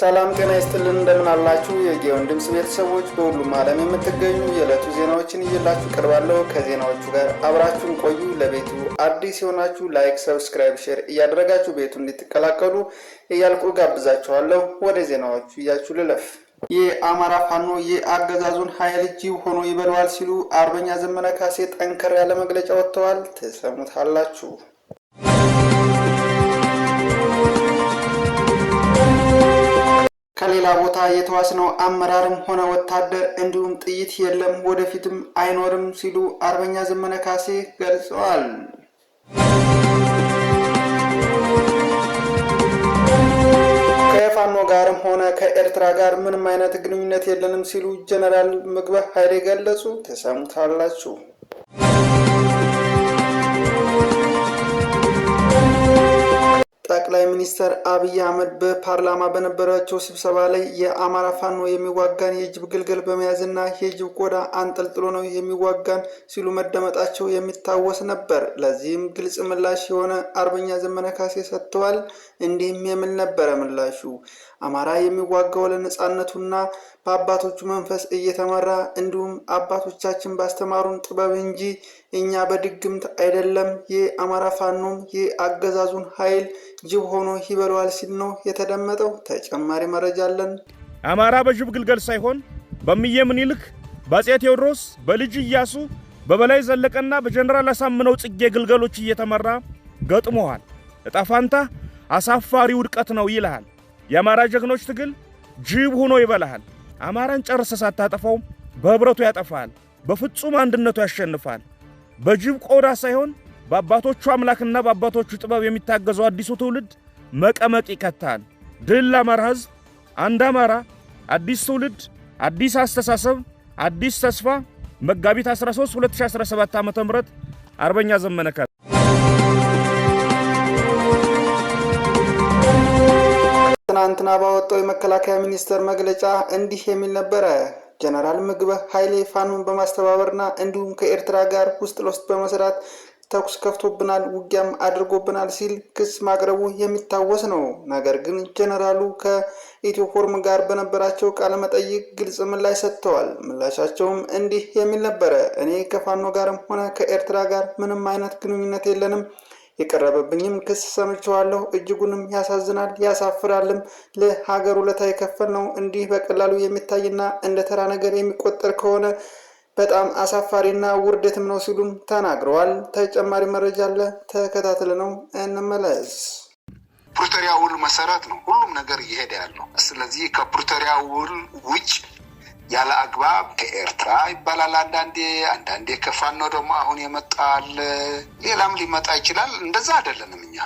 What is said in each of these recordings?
ሰላም ጤና ይስጥልን፣ እንደምን አላችሁ? የጊዮን ድምፅ ቤተሰቦች በሁሉም ዓለም የምትገኙ የዕለቱ ዜናዎችን እየላችሁ ቀርባለሁ። ከዜናዎቹ ጋር አብራችሁን ቆዩ። ለቤቱ አዲስ የሆናችሁ ላይክ፣ ሰብስክራይብ፣ ሼር እያደረጋችሁ ቤቱ እንድትቀላቀሉ እያልኩ ጋብዛችኋለሁ። ወደ ዜናዎቹ እያችሁ ልለፍ። የአማራ ፋኖ የአገዛዙን ኃይል ጅብ ሆኖ ይበለዋል ሲሉ አርበኛ ዘመነ ካሴ ጠንከር ያለ መግለጫ ወጥተዋል። ትሰሙታላችሁ። ቦታ የተዋስነው አመራርም ሆነ ወታደር እንዲሁም ጥይት የለም ወደፊትም አይኖርም ሲሉ አርበኛ ዘመነ ካሴ ገልጸዋል። ከፋኖ ጋርም ሆነ ከኤርትራ ጋር ምንም አይነት ግንኙነት የለንም ሲሉ ጀነራል ምግበ ኃይሌ ገለጹ። ተሰሙታላችሁ። ጠቅላይ ሚኒስትር አብይ አህመድ በፓርላማ በነበራቸው ስብሰባ ላይ የአማራ ፋኖ የሚዋጋን የጅብ ግልገል በመያዝና የጅብ ቆዳ አንጠልጥሎ ነው የሚዋጋን ሲሉ መደመጣቸው የሚታወስ ነበር። ለዚህም ግልጽ ምላሽ የሆነ አርበኛ ዘመነ ካሴ ሰጥተዋል። እንዲህም የሚል ነበረ ምላሹ አማራ የሚዋጋው ለነጻነቱና በአባቶቹ መንፈስ እየተመራ እንዲሁም አባቶቻችን ባስተማሩን ጥበብ እንጂ እኛ በድግምት አይደለም። የአማራ ፋኖም የአገዛዙን ኃይል ጅብ ሆኖ ይበለዋል ሲል ነው የተደመጠው። ተጨማሪ መረጃ አለን። አማራ በጅብ ግልገል ሳይሆን በሚዬ ምኒልክ፣ በአፄ ቴዎድሮስ፣ በልጅ እያሱ በበላይ ዘለቀና በጀነራል አሳምነው ጽጌ ግልገሎች እየተመራ ገጥመዋል። እጣፋንታ አሳፋሪ ውድቀት ነው ይልሃል። የአማራ ጀግኖች ትግል ጅብ ሆኖ ይበልሃል። አማራን ጨርሰ ሳታጠፋው በህብረቱ ያጠፋል። በፍጹም አንድነቱ ያሸንፋል። በጅብ ቆዳ ሳይሆን በአባቶቹ አምላክና በአባቶቹ ጥበብ የሚታገዘው አዲሱ ትውልድ መቀመቅ ይከታል። ድል ለአማራ ህዝብ፣ አንድ አማራ፣ አዲስ ትውልድ፣ አዲስ አስተሳሰብ፣ አዲስ ተስፋ። መጋቢት 13 2017 ዓ.ም አርበኛ ዘመነ ካሴ ትላንትና ባወጣው የመከላከያ ሚኒስቴር መግለጫ እንዲህ የሚል ነበረ። ጀነራል ምግበ ኃይሌ ፋኖን በማስተባበርና እንዲሁም ከኤርትራ ጋር ውስጥ ለውስጥ በመስራት ተኩስ ከፍቶብናል፣ ውጊያም አድርጎብናል ሲል ክስ ማቅረቡ የሚታወስ ነው። ነገር ግን ጀነራሉ ከኢትዮፎርም ጋር በነበራቸው ቃለመጠይቅ ግልጽ ምላሽ ሰጥተዋል። ምላሻቸውም እንዲህ የሚል ነበረ። እኔ ከፋኖ ጋርም ሆነ ከኤርትራ ጋር ምንም አይነት ግንኙነት የለንም የቀረበብኝም ክስ ሰምቸዋለሁ። እጅጉንም ያሳዝናል ያሳፍራልም። ለሀገር ውለታ የከፈልነው እንዲህ በቀላሉ የሚታይና እንደ ተራ ነገር የሚቆጠር ከሆነ በጣም አሳፋሪና ውርደትም ነው ሲሉም ተናግረዋል። ተጨማሪ መረጃ አለ፣ ተከታተል ነው እንመለስ። ፕሪቶሪያ ውል መሰረት ነው ሁሉም ነገር እየሄደ ያለው። ስለዚህ ከፕሪቶሪያ ውል ውጭ ያለ አግባብ ከኤርትራ ይባላል አንዳንዴ፣ አንዳንዴ ከፋኖ ደግሞ አሁን የመጣል ሌላም ሊመጣ ይችላል። እንደዛ አይደለንም እኛ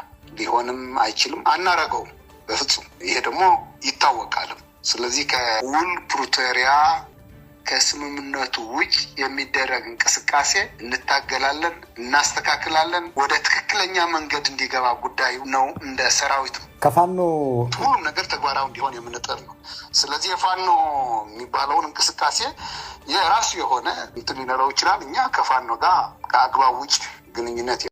ሊሆንም አይችልም፣ አናረገውም በፍጹም። ይሄ ደግሞ ይታወቃልም። ስለዚህ ከውል ፕሪቶሪያ ከስምምነቱ ውጭ የሚደረግ እንቅስቃሴ እንታገላለን፣ እናስተካክላለን። ወደ ትክክለኛ መንገድ እንዲገባ ጉዳዩ ነው። እንደ ሰራዊት ከፋኖ ሁሉም ነገር ተግባራዊ እንዲሆን የምንጠር ነው። ስለዚህ የፋኖ የሚባለውን እንቅስቃሴ የራሱ የሆነ እንትን ሊኖረው ይችላል። እኛ ከፋኖ ጋር ከአግባብ ውጭ ግንኙነት